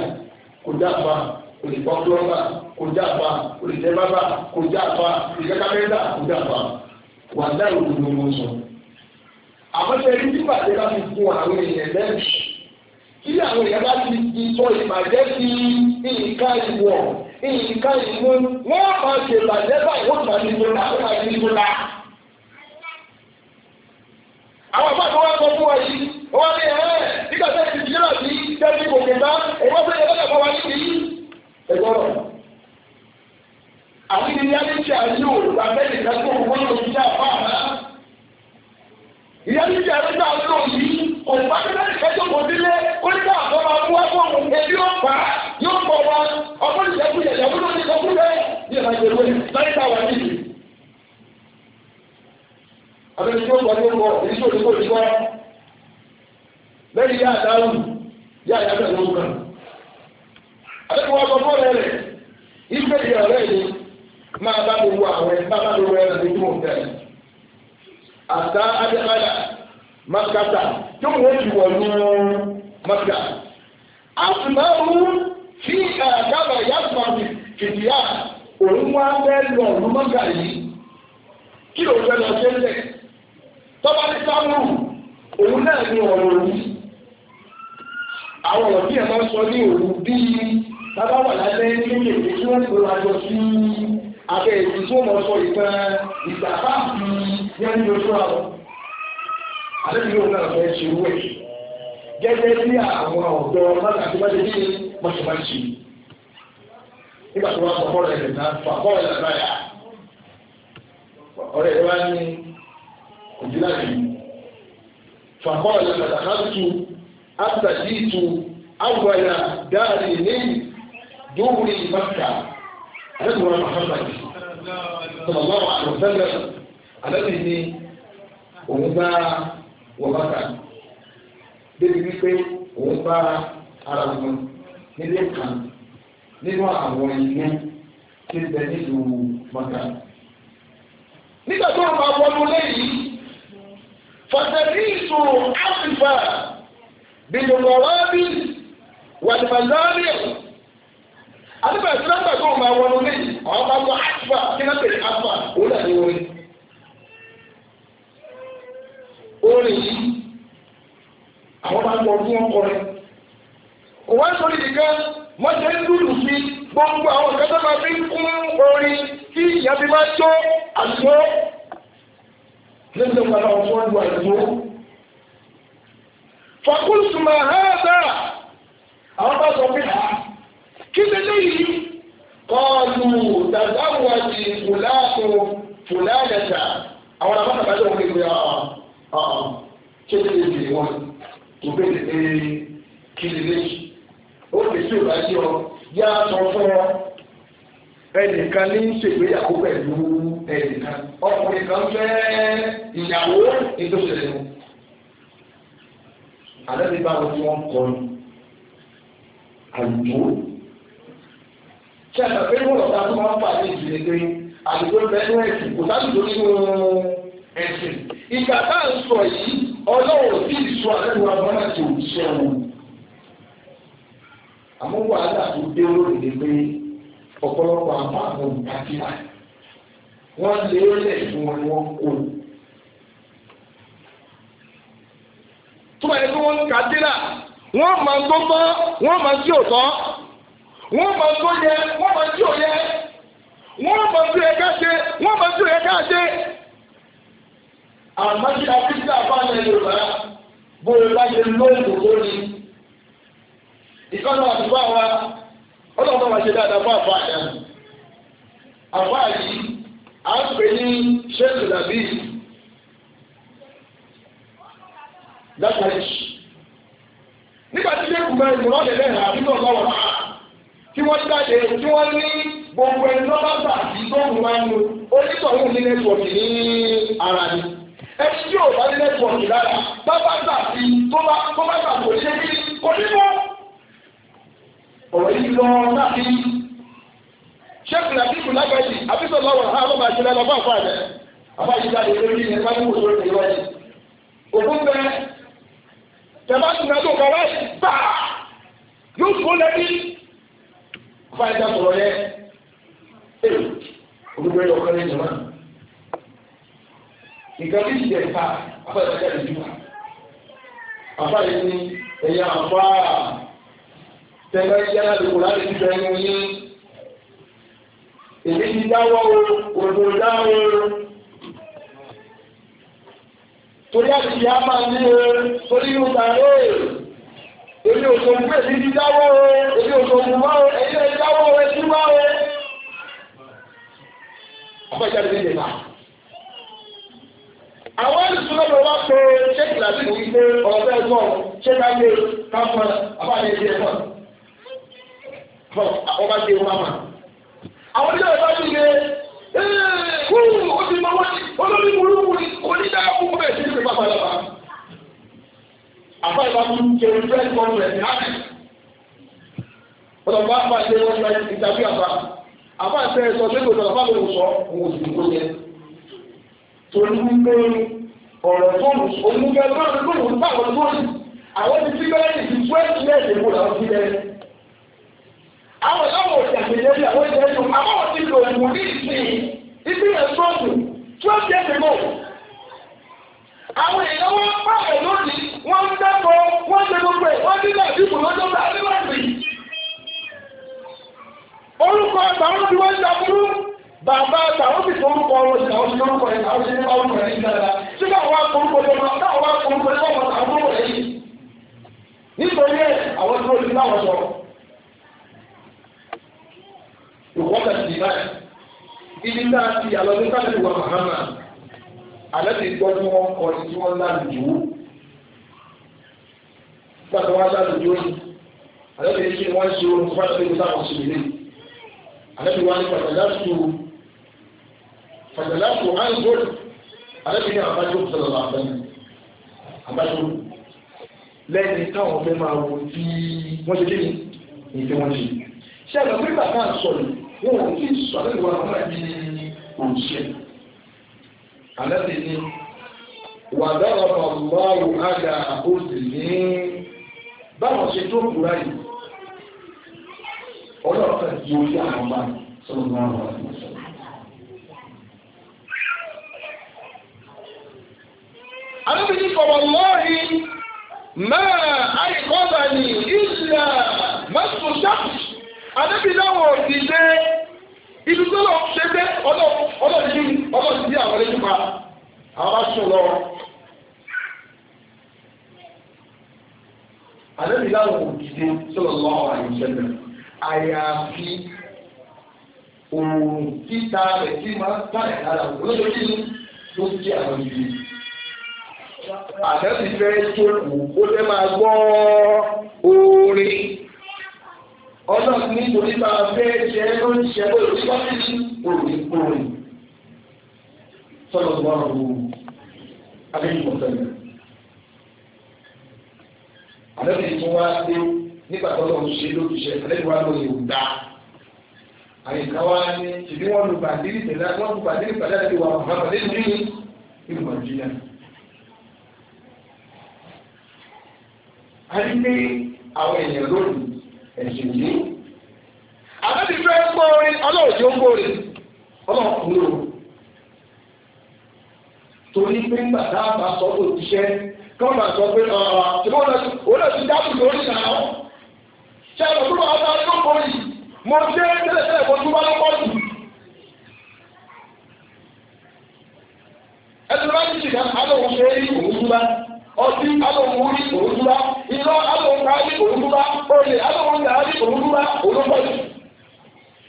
kò dá àbá kò lè kọ́ kúlọ́mbà kò dá àbá kò lè jẹ́ bábà kò dá àbá ìjẹ́ká mẹ́ta kò dá àbá wà dá ìròyìn wọn sọ. àmọ́ṣẹ́ ẹni tí bàtí bá fi fún àwọn èèyàn lẹ́nu tí àwọn èèyàn bá ti di sọ ìbàjẹ́ sí nǹkan ìwọ̀ ìyíká ìlú wọ́n máa ṣe ìbàjẹ́ báyìí wọ́n máa dìbò náà wọ́n máa dìbò náà. àwọn àbá wọn sọ fún wa yìí wọ́n ní ẹ̀ nígbà tẹ́ ti jìnnà sí tẹ́lifí òkè bá èyí wọ́n fẹ́ yẹ lọ́dọ̀ fún wa níbi yìí. ẹ̀gbọ́n àti ìyá ní ti àyè ò làbẹ́ẹ̀lì kẹ́kọ̀ọ́ wọ́n lò sí àpá àná. ìyá ní kò bá tẹ́lẹ̀ kẹ́jọ́ kò délé ó ní ká àbọ̀ máa ndị ebi ó pa yóò makata tí wọ́n ti wọ̀ ní maka. a sì máa mú kí àdábà yàtọ̀ kìtìyà òun wá fẹ́ lọ ọ̀run maka yìí kí ló fẹ́ lọ sí ẹ̀jẹ̀ tọ́ba ní sáwùrù òun náà ní ọ̀rọ̀ òun àwọn ọ̀rọ̀ tí sọ ní bàbá wà lábẹ́ tí wọ́n sí abẹ́ tí wọ́n mọ̀ sọ ìtàn ìgbà àlejò náà fẹ́ ṣe wẹ̀ gẹ́gẹ́ bí àwọn ọ̀dọ́ lọ́dà tí wọ́n ti ní mọ̀ṣọ̀mọ̀ṣì nígbà tí wọ́n sọ bọ́ọ̀lù ẹ̀dẹ̀ náà fà bọ́ọ̀lù ẹ̀dẹ̀ náà yà ọ̀rẹ́ ẹ̀ wá ní òjìlá yìí fà bọ́ọ̀lù ẹ̀dẹ̀ náà tù àtàjì tù àwọ̀yà dáàrí ní dúwúrí mọ́kà àlejò wọn Muhammad sọlọ́wọ́ àlùfẹ́lẹ̀ àlejò ní òun bá wọ bàtà débi wípé òun bá ara wọn nílé kan nínú àwọn ilé tí ń bẹ nílùú mọ́tà. nígbà tó ń bá wọnú léyìí fọ̀tẹ̀lìsù áfífà bìlùmọ̀wábí wàlùmọ̀lọ́rì àdìbẹ̀sí lọ́gbà tó ń bá wọnú léyìí àwọn bá wọ áfífà kí náà áfífà òun orin yìí àwọn bá gbọ́ fún ọkọ rẹ̀ kò wá sórí nìkan wọ́n ṣe ń lùlù sí gbogbo àwọn nǹkan tó máa fi ń kún orin tí ìyá fi máa tó àdúgbò lẹ́sẹ̀ padà ọ̀tún ọdún àdúgbò. fàkúntùmọ̀ hẹ́ẹ́dà àwọn bá sọ pé kí lélẹ́yìí kọlu tàzáwọ̀ àti fùlàtò fùlàdàtà àwọn àbáṣàbáṣà òkè gbé àwọn. Um, ṣé kí lè dè wọn kò bẹ́ẹ̀ lè kí lè lè ó lè sí ìwádìí ọ yá sọ fún ọ ẹnìkan ní ṣègbéyàwó pẹ̀lú ẹnìkan ọkùnrin kan fẹ́ ìyàwó ìtòsílẹ̀ wọn àdébí báwo tí wọ́n kọ́ ni àlùkò ṣe àgbàgbé wọn ọ̀tá tó máa ń pàdé ìdílé pé àlùkò bẹ́ẹ̀ ní ẹ̀sìn kò sáà tó nínú ẹ̀sìn. Ìgbà tá à ń sọ yìí, ọlọ́run tí ìsọ àlẹ́wọ̀ abọ́lá ti ò ṣe wọn. Àmọ́ wàhálà tó dé lórí ni pé ọ̀pọ̀lọpọ̀ àmọ́ àwọn olùdákìlá wọ́n lé lẹ̀ fún wọn ni wọ́n kó. Túbọ̀ yẹn kí wọ́n kà á dé là, wọ́n máa ń gbọ́ wọ́n máa ń tí ò tán wọ́n mọ tó yẹ wọ́n mọ tí ò yẹ wọ́n mọ tó yẹ ká ṣe wọ́n mọ tó yẹ ká ṣe àmọ́ kí a fi dá bá ní Yorùbá bó o bá ṣe lóògùn lórí. ìkọ́nà àdúgbò wa ọlọ́run máa ṣe dáadáa fún àbá àyà. àbá yìí à ń pè ní ṣéèkì làbí látàrí. nígbà tí lẹ́kùn bẹ́ẹ̀ ni wọ́n lè lẹ́hìn àbí náà lọ́wọ́ tí wọ́n jáde tí wọ́n ní gbogbo ẹni lọ́ba gbà sí tó ń wá nu onítọ̀hún ní nẹ́tíwọ̀kì ní ara ni. ẹni ò bá ní lára bá bá gbà sí tó bá gbà kò ṣe bí kò ọ̀rọ̀ yìí lọ ṣẹ́kùn àti ìkùn ha ló máa ṣe lẹ́nu ọgbà àfáà rẹ̀ àfáà yìí lórí ẹ̀ sábà wò lórí ìwọ́ yìí. òkú bẹ tẹ̀bá tún náà tó kọ bá yóò tó lẹ́bí. àfáà yìí sọ̀rọ̀ yẹ nǹkan bí ìjẹ̀ ìta afẹ́fẹ́ jáde jùlọ. Àfá yìí ni ẹ̀yà àfá tẹ́lẹ̀ jẹ́ àdìkù láti fi bẹ̀rù yín. Èmi ti dáwọ́ o, òdò dáwọ́ o. Torí àti ìyá máa ní o, torí yóò gbà ó. Èmi ò sọ̀rọ̀ pé èmi ti dáwọ́ o, èmi ò sọ̀rọ̀ wá o, ẹ̀yin ẹ̀ dáwọ́ o, ẹ̀ tí wá o. ní ìjẹ̀ náà àwọn olùsúná ló wá pé ṣéèkì láti mú ilé ọ̀rọ̀ ẹ̀gbọ́n ṣéèkì ayé káfọn àbáyé ilé ẹ̀gbọ́n àwọn bá dé wọn mà. àwọn ilé ẹ̀gbọ́n ti gbé kú e, ó ti mọ wọn olórí burúkú ni onídàá púpọ̀ bẹ́ẹ̀ sí ìgbà pàdàpà. àbá ìbá mú jẹun fẹ́ẹ́ kọ́ ọ̀rọ̀ ẹ̀sìn áàbì. ọ̀dọ̀ bá bá ṣe wọ́n ṣe ìtàbí àbá àbá ìṣẹ́ sọ pé kò sọ̀rọ̀ fáwọn òṣọ́ òun ò sì torí wípé ọ̀rọ̀ tó ń onígbẹ́ tó ń gbé òun táwọn tó ń àwọn ti fi bẹ́ẹ̀ ti tó ẹ̀sìn ẹ̀sìn kó làwọn fi bẹ́ẹ̀. àwọn ìyáwó ọ̀sẹ̀ àgbèjẹ́ bí àwọn ìjẹ́ ẹ̀sùn àwọn ọ̀sẹ̀ ìlò òògùn ní ìsìn ìsìn ẹ̀sọ́ọ̀sù tí ó jẹ́ ẹ̀sìn náà. àwọn ìyáwó pààrọ̀ lónìí wọ́n ń dẹ́kọ̀ wọ́n ṣe gbogbo ẹ̀ wọ́n nílò ìdìbò lọ́jọ́ orúkọ àgbà wọn ti wọ́n ṣàbúrú bàbá àtàwọn sì tó ń kọ ọ̀rọ̀ sí àwọn tó ń kọ ẹ̀ka àwọn sì ń bá wọn rẹ̀ nígbà dára ṣé káwọn akọ̀ǹkọ̀ tó máa káwọn akọ̀ǹkọ̀ tó máa tà àwọn rẹ̀ yìí nítorí ẹ̀ àwọn tó ti bá wọn sọ. ìwọ́n kà sí báyìí ibi tá a ti àlọ́ ní sáà ìwà mahama àlẹ́ ti gbọ́ tí wọ́n kọ sí tí wọ́n lálùjù gbàtà wọn lálùjù àlẹ́ ti ṣe wọ́n ṣe orun fún àtẹ̀lẹ́ fàtàlàkù àìsàn arábìnrin àbájọ sọlọ àbẹnú àbájọ lẹ́ni táwọn fẹ́ máa wo tí wọ́n ṣe kéde ìfẹ́ wọn ṣe ṣé àgbà pé bàbá àsọlù wọn ò tí ì sọ àlejò àwọn àbí òṣìṣẹ́ alábìnrin wàdára bàbáwò àgà àbòsí ní báwọn ṣe tó kúrò àyè ọlọ́ọ̀kan yóò yá àwọn bá sọ̀rọ̀ náà wà ní. Ànábì ní fọwọ́lọ́ọ̀hì máa àìkọ́bà ní ìlà mẹ́sùn ṣáàpù. Ànábì láwọn òdìdé ibi tó lọ ṣe pé ọlọ́ọ̀dì ọlọ́ọ̀dì bí àwọn ẹlẹ́jú pa àwọn aṣọ lọ. Ànábì láwọn òdìdé sọ̀rọ̀ lọ́wọ́ àyùsẹ́lẹ̀ àyàfi òòrùn títa rẹ̀ tí máa ń tàyà lára òun ló ti àwọn ìbí àṣẹ ti fẹ́ jókòó ó fẹ́ máa gbọ́ orin ọlọ́run nítorí máa fẹ́ jẹ́ ló ń ṣe pé òun bá ti ní òrìn òrìn sọ́dọ̀ tó wà lọ́wọ́ abẹ́yìn mọ̀tẹ́lẹ̀. àlẹ́bí tó wá dé nígbà tó lọ́wọ́ ṣe lójúṣe àlẹ́bí wá lóye ò dá àyíká wá ní ṣèbí wọn lu bàdírì tẹ̀lé wọn lu bàdírì pàdé àti wà wọn bàdírì nínú ìlú nàìjíríà. a rí pé àwọn èèyàn lónìí ẹ̀sìn yìí. àbẹ́bí fẹ́ gbóore ọlọ́run tí ó gbóore ọlọ́run kú lò. torí pé nígbà tá a bá sọ pé òṣìṣẹ́ kí wọ́n máa sọ pé ṣùgbọ́n òun náà ti dábùú lórí ìlànà ṣé àwọn tó máa bá a tó kọ́ yìí mo dé tẹ́lẹ̀tẹ́lẹ̀ kó tó bá lọ́pọ̀ jù. ẹ̀sìn bá ti ṣìkà àlọ́ òun ṣe é rí òun tó bá ọtí alóhùn wúrí òwúrúbá iná alóhùn káàdì òwúrúbá olè alóhùn káàdì òwúrúbá olóńgbàdì.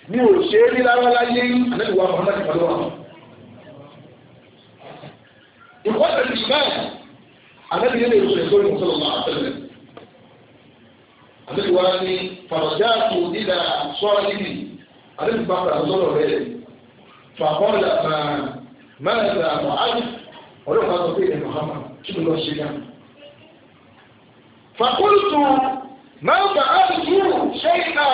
mi ò ṣe é rí rárá láyé ànábìwá ọ̀hún láti pàdé wọn. ìkọ́sẹ̀ ti bẹ́ẹ̀ ànábìyẹn lè sọ̀rọ̀ sórí mùsùlùmí máa tẹ̀lé. ànábìwá ni fàrọ̀jáàtù ìdá sọ́ọ̀lì ànábìwá pàtàkì sọ̀rọ̀ rẹ̀ fàkọ́ọ̀lá máa máa ń sàmọ̀ àdì ọ̀rẹ́ kí ló lọ ṣe dànù. fàkúntù máa bá àdùkú ṣe ìta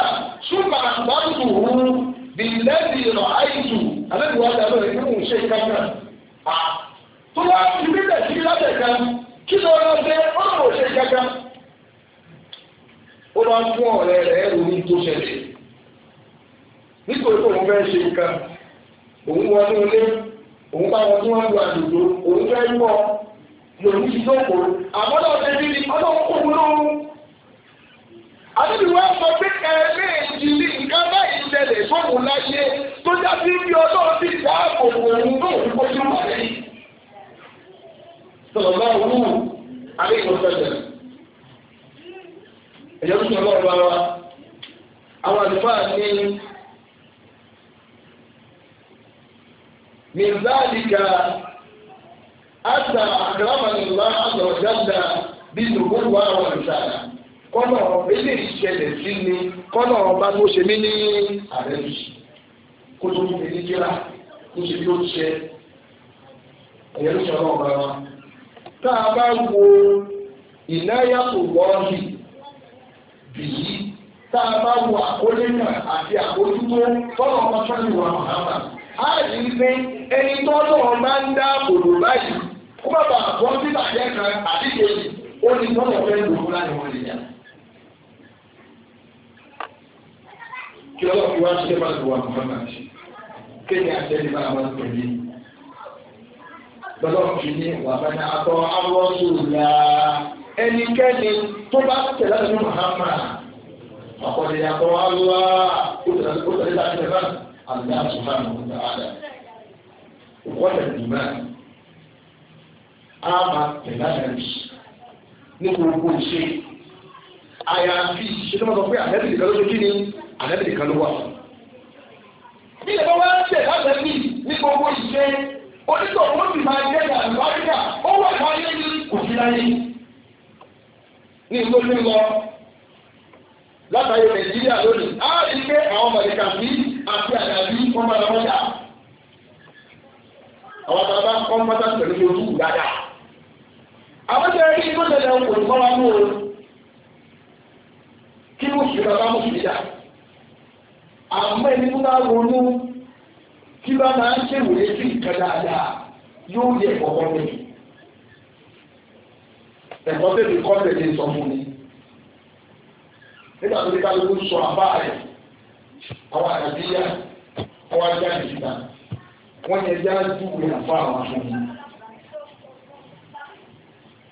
ṣùgbọ́n àgbàdùkú òun bí lẹ́bi rọ̀ àìsù alẹ́bùwá dàbẹ̀ rẹ̀ nínú ṣe ìta náà. tó wá ti bí bẹ̀ sí lábẹ̀ kan kí ló lọ ṣe ó lọ ṣe kankan. ó lọ fún ọ̀rẹ́ rẹ̀ ẹ̀rù tó ṣẹlẹ̀ nítorí pé òun fẹ́ ṣe nǹkan òun wọnú ilé òun bá wọn tí wọ́n lu àdùgbò òun fẹ́ yíwọ́ lòun ti dóko àbọ̀dọ̀ tẹ́lẹ̀ ní ọlọ́run kò wúlò ó. àdébìwọ́ sọ pé ẹ̀ẹ́mẹ́ẹ̀jì ní nǹkan báyìí ṣẹlẹ̀ fóun láyé tó já sí bí ọlọ́run ti dá àbòbò òun tó òun kójú wà lẹ́yìn. sọ̀rọ̀ bá wù ú àdéhùn sọ̀tẹ̀. ẹ̀yọ́ tó sọ̀rọ̀ bá wa àwọn àlùfáà ní min zalika àtà àkàràmàlélá àlọ́jáda bí lògbòrò wà wà kọ́nà ilé ìṣẹ̀lẹ̀ sí ni kọ́nà ọba tó ṣe mí ní ààrẹ yìí kó tó fún mi ní kó ṣe bí ó ṣe ló ọba wa. tá a bá wo ìnáyàtò wọ́ọ̀lì tá a bá wo àkólé náà àti àkójútó ẹni ọba ń kó bá bàa ti sí bàjẹ́ kan àti kejì ó ní wọ́n fẹ́ lò ó láti wọ́n lè yà. kí ọlọ́run fi wá ṣe máa lò wà Muhammad kéde àtẹ́lẹ́ máa wá pẹ̀lú lọ́lọ́run fi ní wà bá ní akọ awọ́sù la ẹnikẹ́ni tó bá tẹ̀lé ní Muhammad àkọ́lé akọ awọ́ ó tẹ̀lé láti tẹ̀lé àti àtúnfà ní ọ̀dà àdà. Wọ́n tẹ̀lé á máa tẹ̀lé àdàbí ní gbogbo ìṣe àyàfi ìṣe tó máa sọ pé àdàbí nìkan ló ṣe kí ni àdàbí nìkan ló wà. bí ìyẹn bá wá tẹ̀ lábẹ́bí ní gbogbo ìṣe onítọ̀ ó sì máa jẹ́ àlùbáríkà ó wà láyé ní kò sí láyé ní ìlú ní lọ látàrí nàìjíríà lónìí á rí pé àwọn mọ̀lẹ́kà sí àti àdàbí wọn máa lọ́jà àwọn àtàwọn kọ́ mọ́tà pẹ̀lú ojú dáadáa àwọn tẹ rí tó tẹlẹ ń kòtò kọ́ra mú o kí wọ́n sì bàbá mú sí ìjà àmọ́ ẹni tó bá ronú kí bá máa ń ṣèwòye sí ìkan dáadáa yóò yẹ ẹ̀kọ́ bẹ̀rẹ̀ ẹ̀kọ́ bẹ̀rẹ̀ kọ́ bẹ̀rẹ̀ sọ fún mi nígbà tó ní kálukú sọ àbá rẹ̀ àwọn àdàbíyá àwọn ajá ìjìnà wọ́n yẹ jáde ìwé àfọ àwọn afọ́nmi.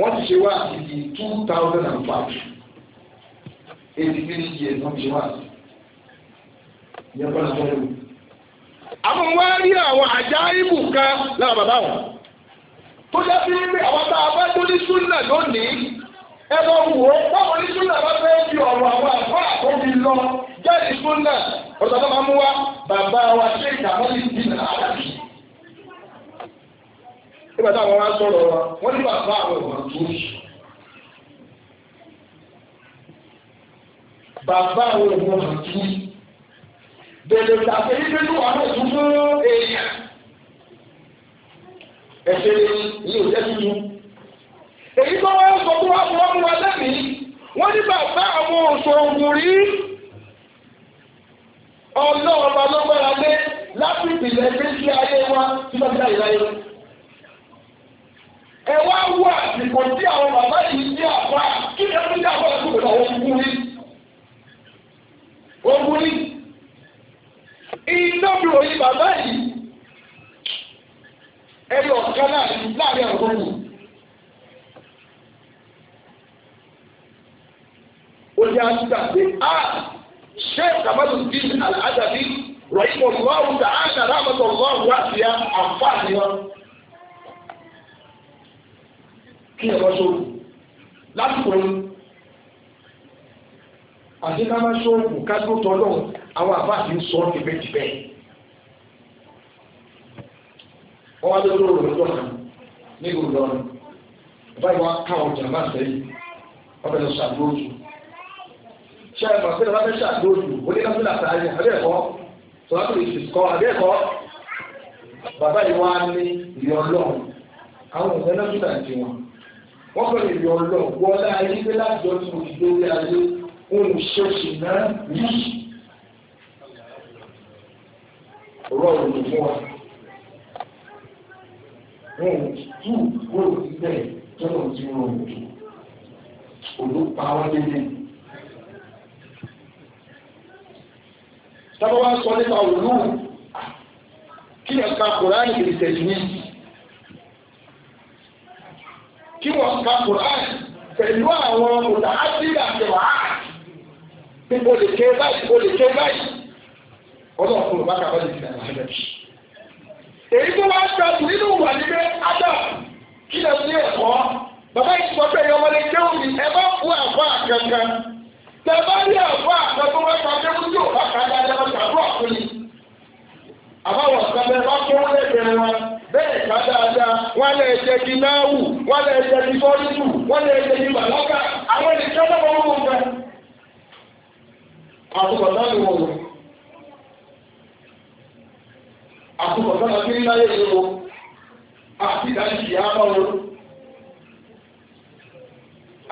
wọ́n ti ṣe wá àti two thousand and five eighty three years wọ́n ti ṣe wá àti ìyẹn kọ́ lọ́wọ́ àwọn wá rí àwọn àjá ibù kan lára bàbá wọn tó jẹ́ sí pé àwọn tá a bá tó ní súnà lónìí ẹ lọ wò ó báwo ní súnà bá fẹ́ fi ọ̀rọ̀ àwọn lọ nígbà táwọn wá sọ̀rọ̀ wa wọ́n ní bàbá àwọn ọ̀gbà tó yìí. bàbá àwọn ọ̀gbà tó yìí. bẹ̀rẹ̀ tàbí ibi tó wà lọ́sùn fún èèyàn. ẹ̀ṣẹ̀ yìí ò jẹ́ tuntun. èyí tó wá sọ fún wa fún wa fún wa lẹ́mìí wọ́n ní bàbá àwọn òṣòògùn rí ọlọ́ọ̀ba lọ́gbàlá lé láti ìpìlẹ̀ gbé sí ayé wa tí wọ́n ti láyé láyé ẹ wá wú àsìkò tí àwọn bàbá yìí ní àpá kí ni ẹni ní àpá ẹ̀kọ́ pẹ̀lú àwọn ogun rí ogun rí iná bí òyìn bàbá yìí ẹni ọ̀kan náà láàrin àwọn ogun. ó ní àtúntà pé a ṣé kàmálù dín àdàbí rọ̀ ìmọ̀ lọ́wọ́ tààdà rámọ̀tò lọ́wọ́ àti àǹfààní wọn kí ẹ̀kọ́ ṣòògùn lásìkò ní àti ká má ṣòògùn ká tó tọ́ lọ́hùn àwọn àbá àti ń sọ tìbẹ́tìbẹ́ wọ́n wá lórí òòrùn lọ́jọ́ kan ní ìlú lọ́rùn bàbá ìwà káwọn jàmbá sẹ́yìn wọ́n bẹ̀rẹ̀ ṣàdóòjù ṣe é mọ̀ pé lọ́wọ́ fẹ́ ṣàdóòjù oníkàtúndà sáyẹn abẹ́ẹ̀kọ́ tọ́lá tó lè ṣe kọ́ abẹ́ẹ̀kọ́ bàbá ìwà ní ìyọ̀ lọ́rùn àwọn òṣèlú náà wọ́n kọ́ lè yọ lọ wọlé ayé pé láti ọdún òdìdó ayé olùṣèṣì náà yìí rọrùn ní fún wa wọn ò tú wọn ò ti bẹ́ẹ̀ tọ́lọ̀ tí wọn ò tú olùpa wọn lélẹ̀. sábà wá sọ nípa òlù kí ẹ̀ka kòránì kìrìtẹ̀jì ní kí wọ́n ka Quran pẹ̀lú àwọn ọ̀dà áfíríkà àti wàhálà pé o lè ké báyìí o lè ké báyìí ọlọ́run kò bá kàwé lè fi àwọn ẹgbẹ́ bí. èyí tó wá gbà tù nínú wà ní pé ádà kí lè sí ẹ̀kọ́ bàbá ìsọ pé ẹ̀yọ́ wọlé kéwù ni ẹ bá fún àgbà kankan tẹ bá rí àgbà kankan tó wá ka kéwù yóò bá kàdá ẹ bá kàdúrà fún mi. àbáwọ̀ sábẹ́ bá kéwù lẹ́gbẹ̀ẹ́ wọn. bẹ́ẹ̀ ká dáadáa wọ́n lè jẹ́ kí náàwù wọ́n lè jẹ́ kí fọ́lùtù wọ́n lè jẹ́ kí àwọn ènìyàn fẹ́. àtúbọ̀tán ni wọ́n wọ̀ àtúbọ̀tán ni àti wọn.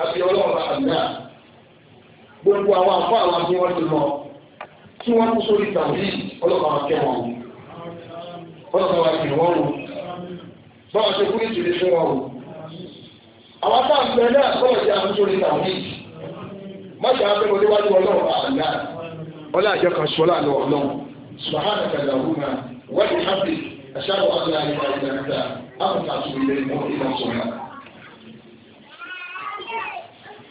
àti ọlọ́run àgbà gbogbo àwọn àfọ àwọn tí wọ́n ti lọ tí wọ́n báwọn ṣe kú nítorí fún wa o àwọn tá à ń bẹ náà bọ́ọ̀ jẹ́ àmúṣọ ní tàwọn yìí má ṣe àbẹ̀wò níwájú ọlọ́run àná ọlá àjọ kan ṣọlá lọ ọlọ́run subahana kàdà òhùnà wọ́n ti hábì àṣà àwọn àgbà àyè àyè àyè àyè àyè àyè àyè àyè àyè àyè